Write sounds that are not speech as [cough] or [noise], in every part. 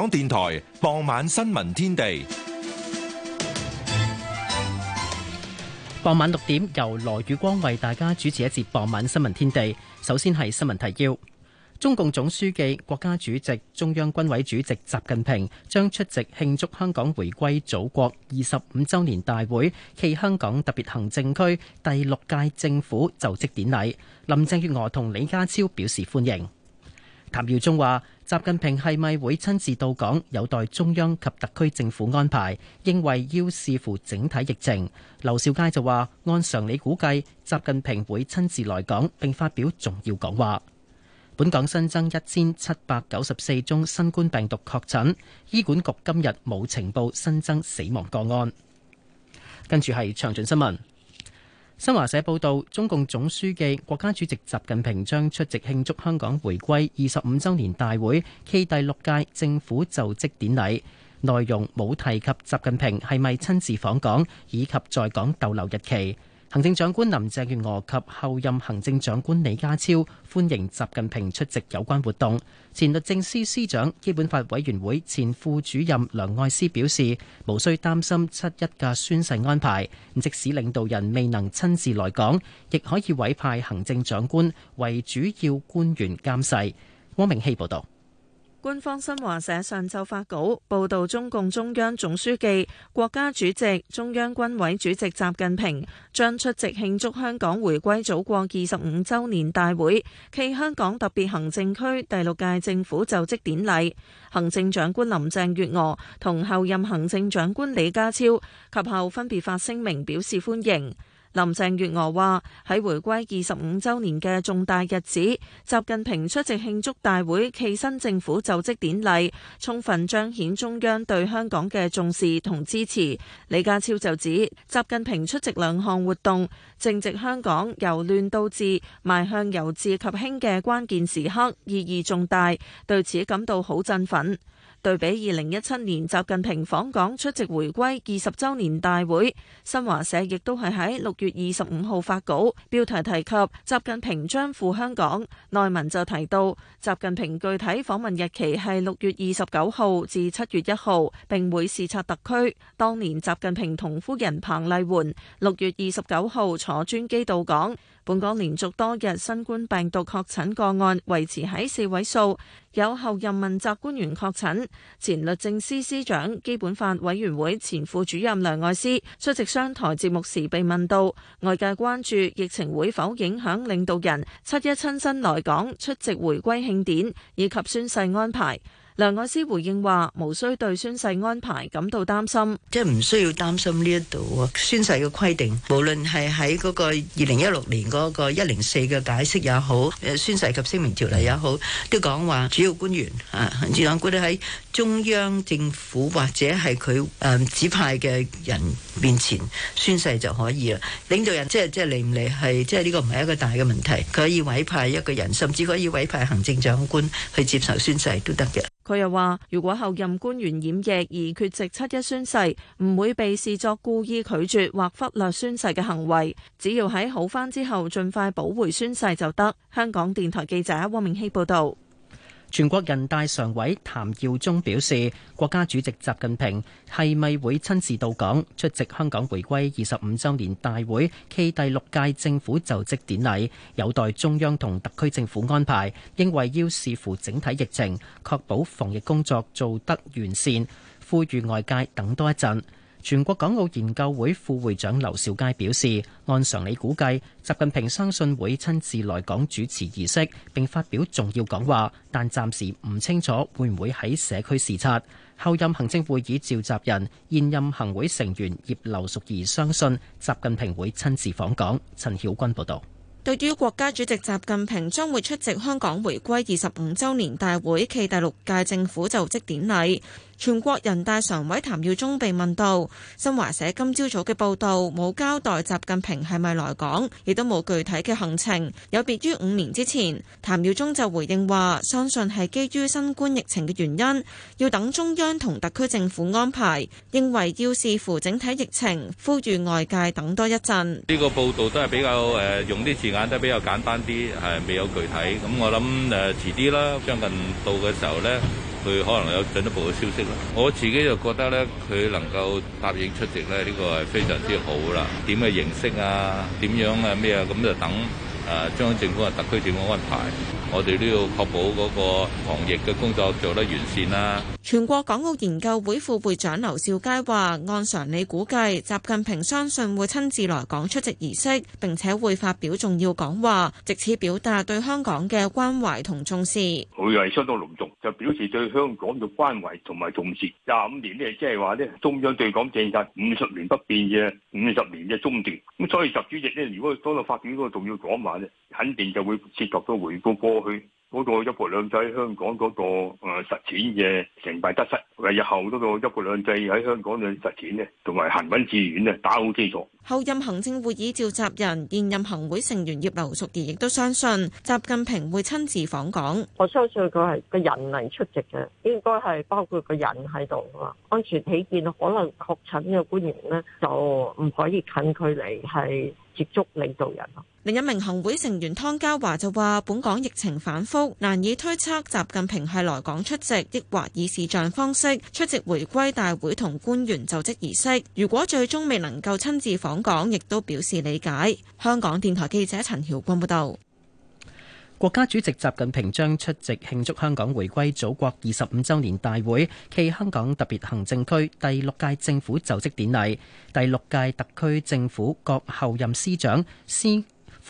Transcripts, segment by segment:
港電台傍晚新聞天地，傍晚六點由羅宇光為大家主持一節傍晚新聞天地。首先係新聞提要：中共總書記、國家主席、中央軍委主席習近平將出席慶祝香港回歸祖國二十五周年大會暨香港特別行政區第六屆政府就職典禮，林鄭月娥同李家超表示歡迎。譚耀宗話。習近平係咪會親自到港？有待中央及特區政府安排。認為要視乎整體疫情。劉少佳就話：按常理估計，習近平會親自來港並發表重要講話。本港新增一千七百九十四宗新冠病毒確診，醫管局今日冇情報新增死亡個案。跟住係詳盡新聞。新華社報道，中共總書記、國家主席習近平將出席慶祝香港回歸二十五週年大會暨第六屆政府就職典禮，內容冇提及習近平係咪親自訪港以及在港逗留日期。行政長官林鄭月娥及後任行政長官李家超歡迎習近平出席有關活動。前律政司司長、基本法委員會前副主任梁愛詩表示，無需擔心七一嘅宣誓安排，即使領導人未能親自來港，亦可以委派行政長官為主要官員監誓。汪明熙報導。官方新華社上晝發稿報道：中共中央總書記、國家主席、中央軍委主席習近平將出席慶祝香港回歸祖國二十五週年大會暨香港特別行政區第六屆政府就職典禮。行政長官林鄭月娥同後任行政長官李家超及後分別發聲明表示歡迎。林鄭月娥話：喺回歸二十五週年嘅重大日子，習近平出席慶祝大會暨新政府就職典禮，充分彰顯中央對香港嘅重視同支持。李家超就指，習近平出席兩項活動，正值香港由亂到治、邁向由治及興嘅關鍵時刻，意義重大，對此感到好振奮。對比二零一七年習近平訪港出席回歸二十週年大會，新華社亦都係喺六月二十五號發稿，標題提及習近平將赴香港。內文就提到，習近平具體訪問日期係六月二十九號至七月一號，並會視察特區。當年習近平同夫人彭麗媛六月二十九號坐專機到港。本港連續多日新冠病毒確診個案維持喺四位數，有後任問責官員確診。前律政司司長、基本法委員會前副主任梁愛詩出席商台節目時被問到，外界關注疫情會否影響領導人七一親身來港出席回歸慶典以及宣誓安排。梁愛詩回應話：無需對宣誓安排感到擔心，即係唔需要擔心呢一度啊，宣誓嘅規定，無論係喺嗰個二零一六年嗰個一零四嘅解釋也好，誒宣誓及聲明條例也好，都講話主要官員啊，主黨官都喺。中央政府或者係佢誒指派嘅人面前宣誓就可以啦。領導人即係即係嚟唔嚟，係即係呢個唔係一個大嘅問題，佢可以委派一個人，甚至可以委派行政長官去接受宣誓都得嘅。佢又話，如果候任官員染疫而缺席七一宣誓，唔會被視作故意拒絕或忽略宣誓嘅行為，只要喺好翻之後盡快補回宣誓就得。香港電台記者汪明熙報道。全國人大常委譚耀宗表示，國家主席習近平係咪會親自到港出席香港回歸二十五週年大會暨第六屆政府就職典禮，有待中央同特區政府安排。認為要視乎整體疫情，確保防疫工作做得完善，呼籲外界等多一陣。全國港澳研究會副會長劉兆佳表示，按常理估計，習近平相信會親自來港主持儀式並發表重要講話，但暫時唔清楚會唔會喺社區視察。候任行政會議召集人現任行會成員葉劉淑儀相信，習近平會親自訪港。陳曉君報導。對於國家主席習近平將會出席香港回歸二十五週年大會暨第六屆政府就職典禮。全國人大常委譚耀宗被問到，新華社今朝早嘅報道冇交代習近平係咪來港，亦都冇具體嘅行程，有別於五年之前。譚耀宗就回應話：相信係基於新冠疫情嘅原因，要等中央同特區政府安排，認為要視乎整體疫情，呼籲外界等多一陣。呢個報道都係比較誒、呃，用啲字眼都係比較簡單啲，係未有具體。咁我諗誒遲啲啦，將、呃、近到嘅時候呢。佢可能有進一步嘅消息啦。我自己就覺得咧，佢能夠答應出席咧，呢個係非常之好啦。點嘅形式啊，點樣啊，咩啊，咁就等。中央政府嘅特區政府安排，我哋都要確保嗰個防疫嘅工作做得完善啦。全國港澳研究會副會長劉兆佳話：按常理估計，習近平相信會親自來港出席儀式，並且會發表重要講話，藉此表達對香港嘅關懷同重視。佢係相當隆重，就表示對香港嘅關懷同埋重視。廿五年咧，即係話呢，中央對港政策五十年不變嘅，五十年嘅中段。咁所以習主席呢，如果當度發表嗰個重要講話。肯定就會涉及到回顧過去。 [noise] 嗰個一國兩制香港嗰個誒實踐嘅成敗得失，為日後嗰個一國兩制喺香港嘅實踐同埋行穩致遠咧打好基礎。後任行政會議召集人、現任行會成員葉劉淑儀亦都相信習近平會親自訪港。相訪港我相信佢係個人嚟出席嘅，應該係包括個人喺度啦。安全起見，可能確診嘅官員呢就唔可以近距離係接觸領導人。另一名行會成員湯家驊就話：本港疫情反覆。難以推測習近平係來港出席，抑或以視像方式出席回歸大會同官員就職儀式。如果最終未能夠親自訪港，亦都表示理解。香港電台記者陳曉君報道。國家主席習近平將出席慶祝香港回歸祖國二十五周年大會暨香港特別行政區第六屆政府就職典禮，第六屆特區政府各候任司長司。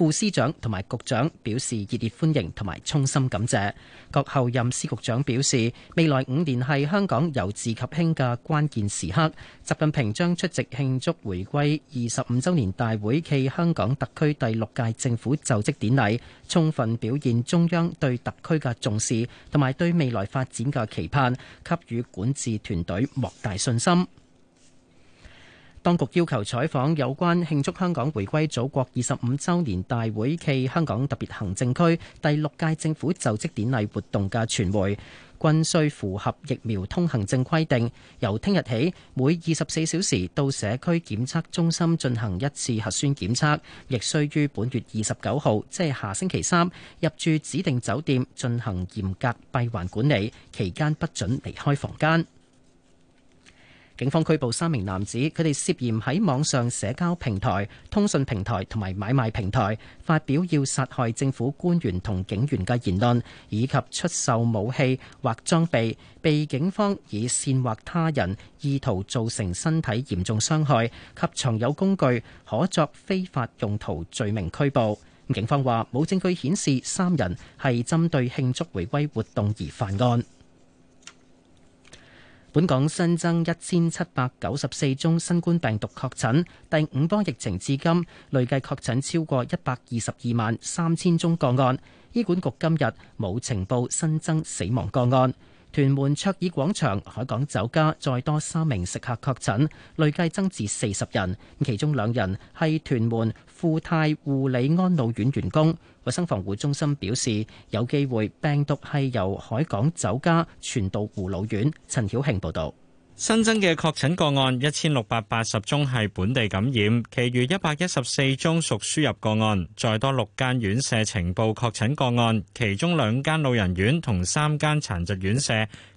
副司長同埋局長表示熱烈歡迎同埋衷心感謝。各后任司局長表示，未來五年係香港由治及興嘅關鍵時刻。習近平將出席慶祝回歸二十五週年大會暨香港特區第六屆政府就職典禮，充分表現中央對特區嘅重視同埋對未來發展嘅期盼，給予管治團隊莫大信心。當局要求採訪有關慶祝香港回歸祖國二十五週年大會暨香港特別行政區第六屆政府就職典禮活動嘅傳媒，均需符合疫苗通行證規定。由聽日起，每二十四小時到社區檢測中心進行一次核酸檢測，亦需於本月二十九號，即係下星期三，入住指定酒店進行嚴格閉環管理，期間不准離開房間。警方拘捕三名男子，佢哋涉嫌喺網上社交平台、通訊平台同埋買賣平台發表要殺害政府官員同警員嘅言論，以及出售武器或裝備，被警方以煽惑他人意圖造成身體嚴重傷害及藏有工具可作非法用途罪名拘捕。警方話冇證據顯示三人係針對慶祝回歸活動而犯案。本港新增一千七百九十四宗新冠病毒確診，第五波疫情至今累計確診超過一百二十二萬三千宗個案。醫管局今日冇呈報新增死亡個案。屯門卓爾廣場海港酒家再多三名食客確診，累計增至四十人，其中兩人係屯門富泰護理安老院員工，衛生防護中心表示有機會病毒係由海港酒家傳到護老院。陳曉慶報道：新增嘅確診個案一千六百八十宗係本地感染，其餘一百一十四宗屬輸入個案。再多六間院舍呈報確診個案，其中兩間老人院同三間殘疾院舍，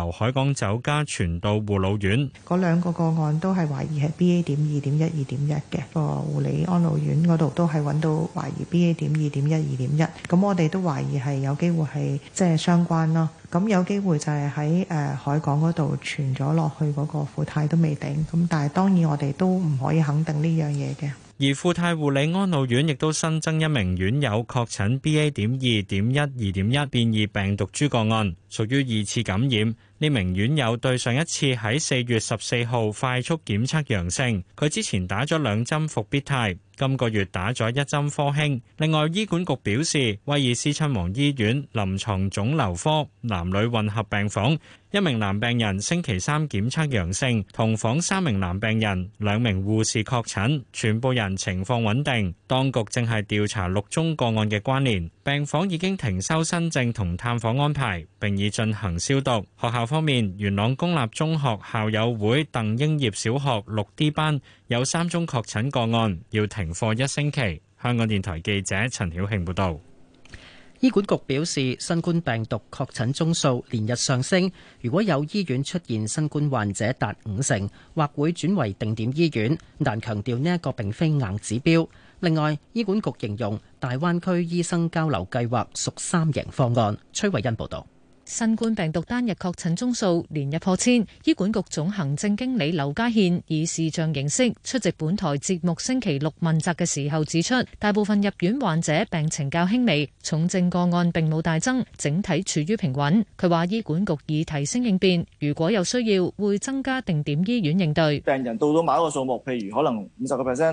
由海港酒家傳到護老院，嗰兩個個案都係懷疑係 B A 點二點一二點一嘅，個護理安老院嗰度都係揾到懷疑 B A 點二點一二點一，咁我哋都懷疑係有機會係即係相關咯。咁有機會就係喺誒海港嗰度傳咗落去嗰個富泰都未定，咁但係當然我哋都唔可以肯定呢樣嘢嘅。而富泰護理安老院亦都新增一名院友確診 B A 點二點一二點一變異病毒株個案，屬於二次感染。呢名院友對上一次喺四月十四號快速檢測陽性，佢之前打咗兩針復必泰，今個月打咗一針科興。另外，醫管局表示，威爾斯親王醫院臨床腫瘤科男女混合病房一名男病人星期三檢測陽性，同房三名男病人、兩名護士確診，全部人情況穩定，當局正係調查六宗個案嘅關聯。病房已經停收新症同探訪安排，並已進行消毒。學校方面，元朗公立中學校友會鄧英業小學六 D 班有三宗確診個案，要停課一星期。香港電台記者陳曉慶報道。醫管局表示，新冠病毒確診宗數連日上升，如果有醫院出現新冠患者達五成，或會轉為定點醫院，但強調呢一個並非硬指標。另外，醫管局形容大灣區醫生交流計劃屬三型方案。崔慧欣報道。，新冠病毒單日確診宗數連日破千。醫管局總行政經理劉家憲以視像形式出席本台節目星期六問責嘅時候指出，大部分入院患者病情較輕微，重症個案並冇大增，整體處於平穩。佢話醫管局已提升應變，如果有需要會增加定點醫院應對。病人到咗某一個數目，譬如可能五十個 percent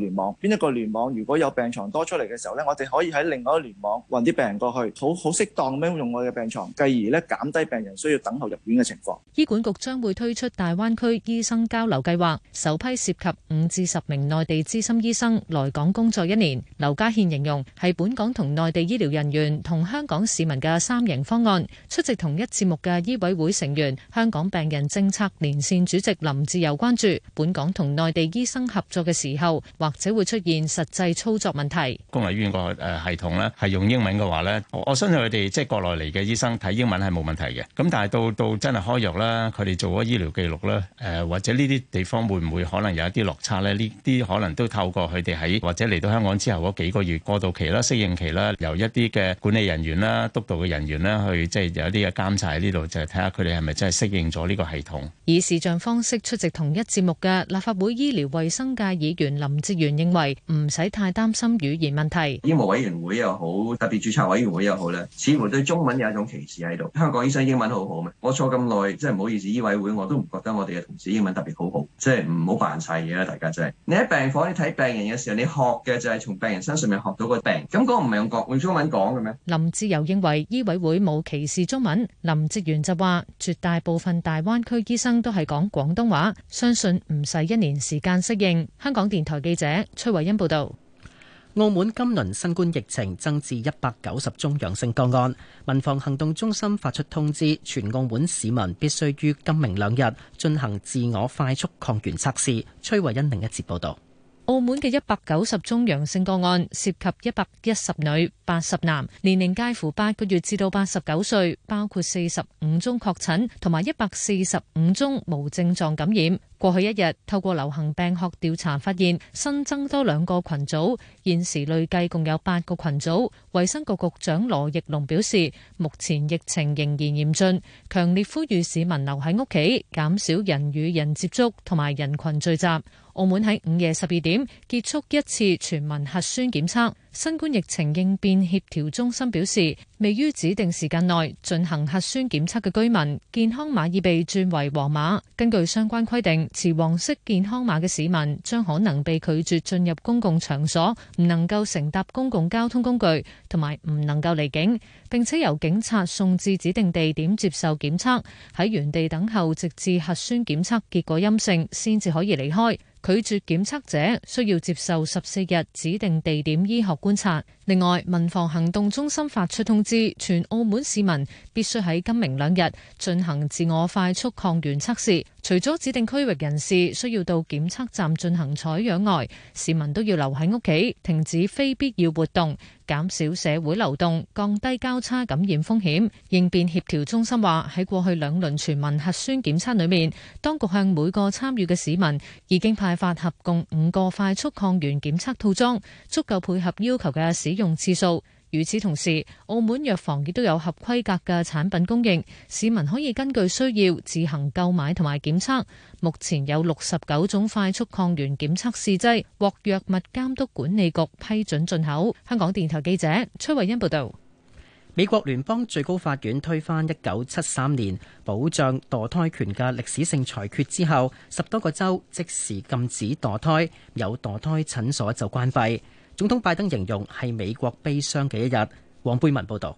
聯網邊一個聯網，如果有病床多出嚟嘅時候呢，我哋可以喺另外一個聯網運啲病人過去，好好適當咁樣用我嘅病床，繼而呢減低病人需要等候入院嘅情況。醫管局將會推出大灣區醫生交流計劃，首批涉及五至十名內地資深醫生來港工作一年。劉家憲形容係本港同內地醫療人員同香港市民嘅三贏方案。出席同一節目嘅醫委會成員、香港病人政策連線主席林志友關注本港同內地醫生合作嘅時候，或或者會出現實際操作問題。公立醫院個誒系統咧，係用英文嘅話咧，我相信佢哋即係國內嚟嘅醫生睇英文係冇問題嘅。咁但係到到真係開藥啦，佢哋做咗醫療記錄啦，誒、呃、或者呢啲地方會唔會可能有一啲落差咧？呢啲可能都透過佢哋喺或者嚟到香港之後嗰幾個月過渡期啦、適應期啦，由一啲嘅管理人員啦、督導嘅人員啦，去即係、就是、有一啲嘅監察喺呢度，就係睇下佢哋係咪真係適應咗呢個系統。以視像方式出席同一節目嘅立法會醫療衞生界議員林哲。認為唔使太擔心語言問題。醫務委員會又好，特別注冊委員會又好咧，似乎對中文有一種歧視喺度。香港醫生英文好好咩？我坐咁耐，真係唔好意思。醫委會我都唔覺得我哋嘅同事英文特別好好，即係唔好扮晒嘢啦，大家真係。你喺病房你睇病人嘅時候，你學嘅就係從病人身上面學到個病咁，嗰個唔係用國用中文講嘅咩？林志游認為醫委會冇歧視中文。林哲源就話，絕大部分大灣區醫生都係講廣東話，相信唔使一年時間適應。香港電台記者者崔慧欣報道：澳門今輪新冠疫情增至一百九十宗陽性個案，民防行動中心發出通知，全澳門市民必須於今明兩日進行自我快速抗原測試。崔慧欣另一節報道：澳門嘅一百九十宗陽性個案涉及一百一十女八十男，年齡介乎八個月至到八十九歲，包括四十五宗確診同埋一百四十五宗無症狀感染。過去一日，透過流行病學調查發現新增多兩個群組，現時累計共有八個群組。衛生局局長羅奕龍表示，目前疫情仍然嚴峻，強烈呼籲市民留喺屋企，減少人與人接觸同埋人群聚集。澳門喺午夜十二點結束一次全民核酸檢測。新冠疫情應變協調中心表示，未於指定時間內進行核酸檢測嘅居民，健康碼已被轉為黃碼。根據相關規定，持黃色健康碼嘅市民將可能被拒絕進入公共場所，唔能夠乘搭公共交通工具，同埋唔能夠離境，並且由警察送至指定地點接受檢測，喺原地等候直至核酸檢測結果陰性，先至可以離開。拒絕檢測者需要接受十四日指定地點醫學觀察。另外，民防行動中心發出通知，全澳門市民必須喺今明兩日進行自我快速抗原測試。除咗指定區域人士需要到檢測站進行採樣外，市民都要留喺屋企，停止非必要活動。減少社會流動，降低交叉感染風險。應變協調中心話，喺過去兩輪全民核酸檢測裏面，當局向每個參與嘅市民已經派發合共五個快速抗原檢測套裝，足夠配合要求嘅使用次數。與此同時，澳門藥房亦都有合規格嘅產品供應，市民可以根據需要自行購買同埋檢測。目前有六十九種快速抗原檢測試劑獲藥物監督管理局批准進口。香港電台記者崔慧欣報道。美國聯邦最高法院推翻一九七三年保障墮胎權嘅歷史性裁決之後，十多個州即時禁止墮胎，有墮胎診所就關閉。總統拜登形容係美國悲傷嘅一日。黃貝文報導，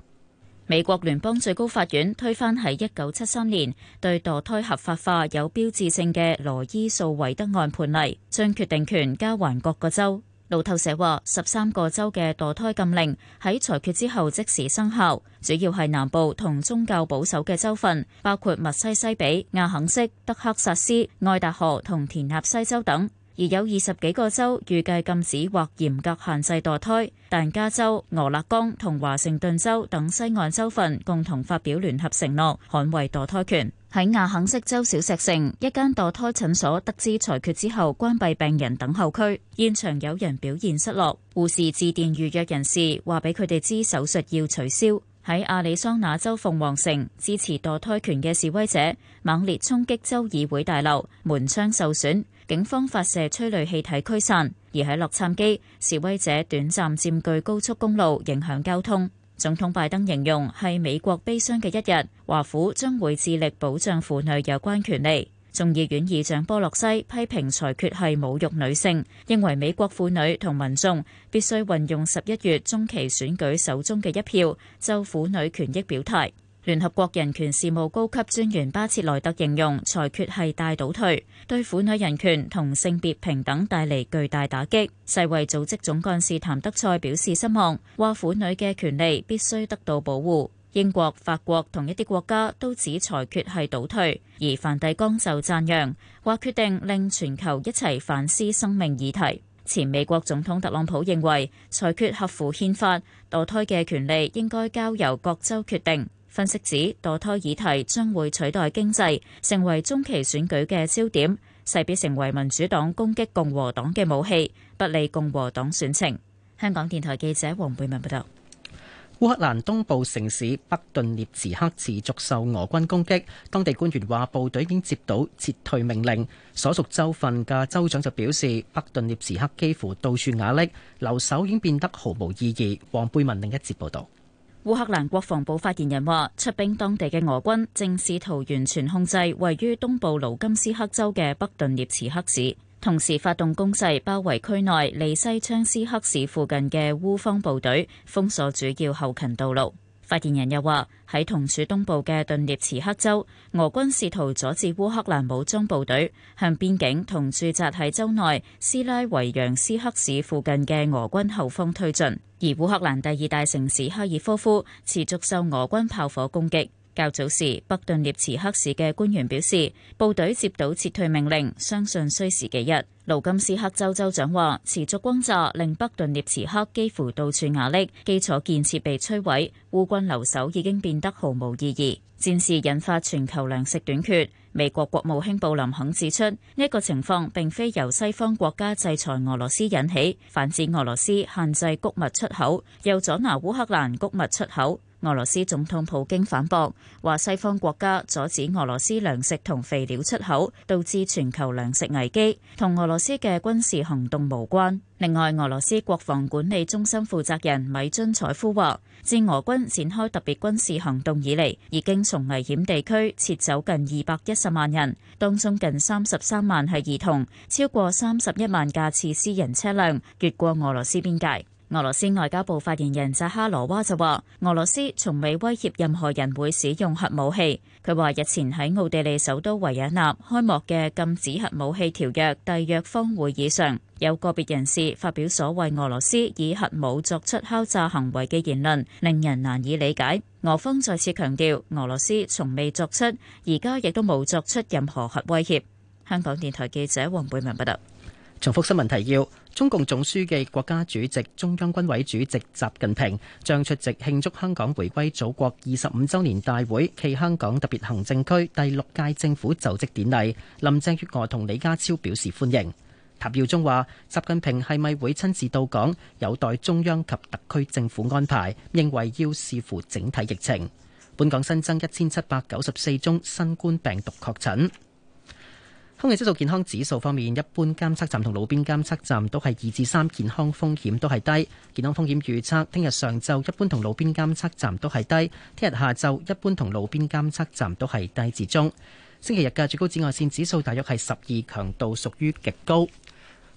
美國聯邦最高法院推翻喺一九七三年對墮胎合法化有標誌性嘅羅伊訴韋德案判例，將決定權交還各個州。路透社話，十三個州嘅墮胎禁令喺裁決之後即時生效，主要係南部同宗教保守嘅州份，包括密西西比、亞肯色、德克薩斯、愛達荷同田納西州等。而有二十幾個州預計禁止或嚴格限制墮胎，但加州、俄勒岡同華盛頓州等西岸州份共同發表聯合承諾捍衛墮胎權。喺亞肯色州小石城，一間墮胎診所得知裁決之後，關閉病人等候區。現場有人表現失落，護士致電預約人士，話俾佢哋知手術要取消。喺亞利桑那州鳳凰城，支持墮胎權嘅示威者猛烈衝擊州議會大樓，門窗受損。警方發射催淚氣體驅散，而喺洛杉磯，示威者短暫佔據高速公路，影響交通。總統拜登形容係美國悲傷嘅一日，華府將會致力保障婦女有關權利。眾議院議長波洛西批評裁決係侮辱女性，認為美國婦女同民眾必須運用十一月中期選舉手中嘅一票，就婦女權益表態。聯合國人權事務高級專員巴切萊特形容裁決係大倒退，對婦女人權同性別平等帶嚟巨大打擊。世衛組織總幹事譚德塞表示失望，話婦女嘅權利必須得到保護。英國、法國同一啲國家都指裁決係倒退，而梵蒂岡就讚揚，話決定令全球一齊反思生命議題。前美國總統特朗普認為，裁決合乎憲法，墮胎嘅權利應該交由各州決定。分析指墮胎議題將會取代經濟，成為中期選舉嘅焦點，勢必成為民主黨攻擊共和黨嘅武器，不利共和黨選情。香港電台記者黃貝文報道：烏克蘭東部城市北頓涅茨克持續受俄軍攻擊，當地官員話部隊已經接到撤退命令。所屬州份嘅州長就表示，北頓涅茨克幾乎到處瓦礫，留守已經變得毫無意義。黃貝文另一節報道。烏克蘭國防部發言人話，出兵當地嘅俄軍正試圖完全控制位於東部盧甘斯克州嘅北頓涅茨克市，同時發動攻勢包圍區內利西昌斯克市附近嘅烏方部隊，封鎖主要後勤道路。發言人又話，喺同處東部嘅頓涅茨克州，俄軍試圖阻止烏克蘭武裝部隊向邊境同駐紮喺州內斯拉維揚斯克市附近嘅俄軍後方推進。而烏克蘭第二大城市哈爾科夫持續受俄軍炮火攻擊，較早時，北頓涅茨克市嘅官員表示，部隊接到撤退命令，相信需時幾日。盧金斯克州州長話：持續轟炸令北頓涅茨克幾乎到處瓦礫，基礎建設被摧毀，烏軍留守已經變得毫無意義。戰事引發全球糧食短缺。美國國務卿布林肯指出，呢個情況並非由西方國家制裁俄羅斯引起，反指俄羅斯限制穀物出口，又阻撓烏克蘭穀物出口。俄羅斯總統普京反駁，話西方國家阻止俄羅斯糧食同肥料出口，導致全球糧食危機，同俄羅斯嘅軍事行動無關。另外，俄羅斯國防管理中心負責人米津采夫話，自俄軍展開特別軍事行動以嚟，已經從危險地區撤走近二百一十萬人，當中近三十三萬係兒童，超過三十一萬架次私人車輛，越過俄羅斯邊界。俄羅斯外交部發言人扎哈羅娃就話：俄羅斯從未威脅任何人會使用核武器。佢話：日前喺奧地利首都維也納開幕嘅禁止核武器條約締約方會議上，有個別人士發表所謂俄羅斯以核武作出敲詐行為嘅言論，令人難以理解。俄方再次強調，俄羅斯從未作出，而家亦都冇作出任何核威脅。香港電台記者黃貝文報道。重複新聞提要。中共總書記、國家主席、中央軍委主席習近平將出席慶祝香港回歸祖國二十五週年大會暨香港特別行政區第六屆政府就職典禮。林鄭月娥同李家超表示歡迎。譚耀宗話，習近平係咪會親自到港，有待中央及特區政府安排，認為要視乎整體疫情。本港新增一千七百九十四宗新冠病毒確診。空氣質素健康指數方面，一般監測站同路邊監測站都係二至三，健康風險都係低。健康風險預測，聽日上晝一般同路邊監測站都係低，聽日下晝一般同路邊監測站都係低至中。星期日嘅最高紫外線指數大約係十二，強度屬於極高。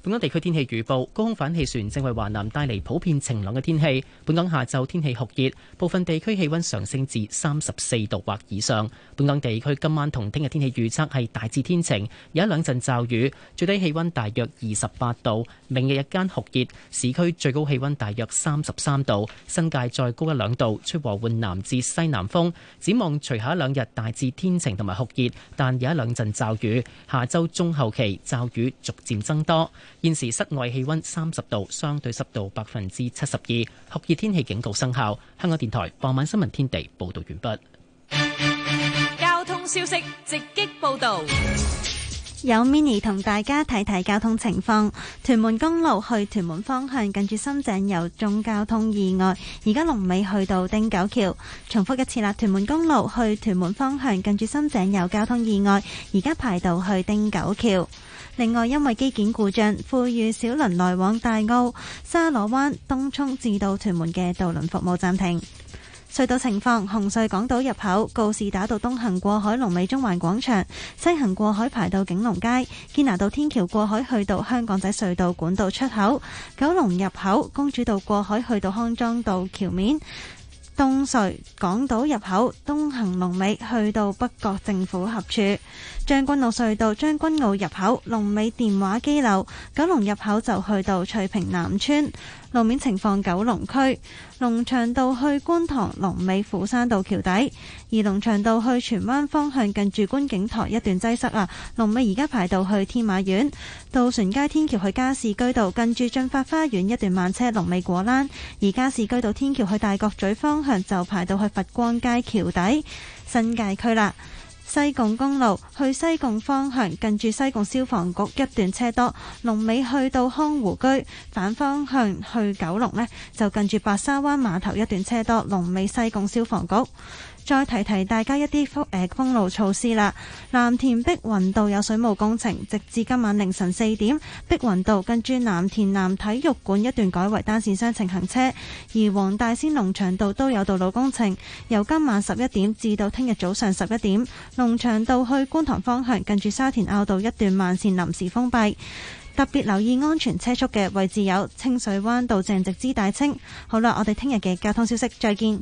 本港地區天氣預報，高空反氣旋正為華南帶嚟普遍晴朗嘅天氣。本港下晝天氣酷熱，部分地區氣溫上升至三十四度或以上。本港地區今晚同聽日天氣預測係大致天晴，有一兩陣驟雨，最低氣溫大約二十八度。明日日間酷熱，市區最高氣溫大約三十三度，新界再高一兩度。吹和緩南至西南風。展望隨後一兩日大致天晴同埋酷熱，但有一兩陣驟雨。下周中後期驟雨逐漸增多。現時室外氣温三十度，相對濕度百分之七十二，酷熱天氣警告生效。香港電台傍晚新聞天地報道完畢。交通消息直擊報道，有 mini 同大家睇睇交通情況。屯門公路去屯門方向近住深井有中交通意外，而家龍尾去到汀九橋。重複一次啦，屯門公路去屯門方向近住深井有交通意外，而家排到去汀九橋。另外，因為機件故障，富裕小輪來往大澳、沙螺灣、東涌至到屯門嘅渡輪服務暫停。隧道情況：紅隧港島入口告士打道東行過海，龍尾中環廣場；西行過海排到景隆街，堅拿道天橋過海去到香港仔隧道管道出口。九龍入口公主道過海去到康莊道橋面。東隧港島入口東行龍尾去到北角政府合署。將軍澳隧道，將軍澳入口龍尾電話機樓，九龍入口就去到翠屏南村。路面情況。九龍區龍翔道去觀塘龍尾虎山道橋底，而龍翔道去荃灣方向近住觀景台一段擠塞啊。龍尾而家排到去天馬苑，渡船街天橋去加士居道近住駿發花園一段慢車龍尾果欄，而加士居道天橋去大角咀方向就排到去佛光街橋底。新界區啦。西貢公路去西貢方向，近住西貢消防局一段車多；龍尾去到匡湖居反方向去九龍呢，就近住白沙灣碼頭一段車多；龍尾西貢消防局。再提提大家一啲封誒路措施啦。藍田碧雲道有水務工程，直至今晚凌晨四點，碧雲道近住藍田南體育館一段改為單線雙程行車，而黃大仙農場道都有道路工程，由今晚十一點至到聽日早上十一點農場道去觀塘方向近住沙田坳道一段慢綫臨時封閉。特別留意安全車速嘅位置有清水灣道鄭直之大清。好啦，我哋聽日嘅交通消息，再見。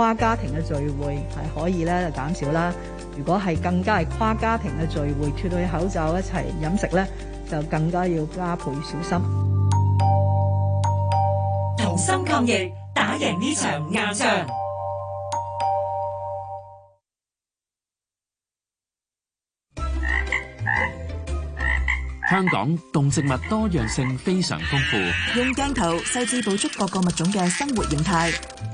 跨家庭嘅聚會係可以咧減少啦。如果係更加係跨家庭嘅聚會，脫咗口罩一齊飲食咧，就更加要加倍小心。同心抗疫，打贏呢場硬仗。香港動植物多樣性非常豐富，用鏡頭細緻捕捉各個物種嘅生活形態。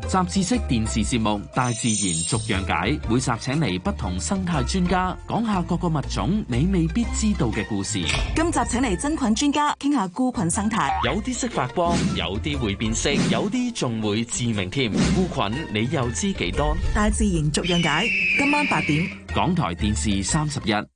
雜誌式電視節目《大自然逐樣解》，每集請嚟不同生態專家講下各個物種你未必知道嘅故事。今集請嚟真菌專家，傾下菇菌生態。有啲識發光，有啲會變色，有啲仲會致命添。菇菌你又知幾多？《大自然逐樣解》，今晚八點，港台電視三十一。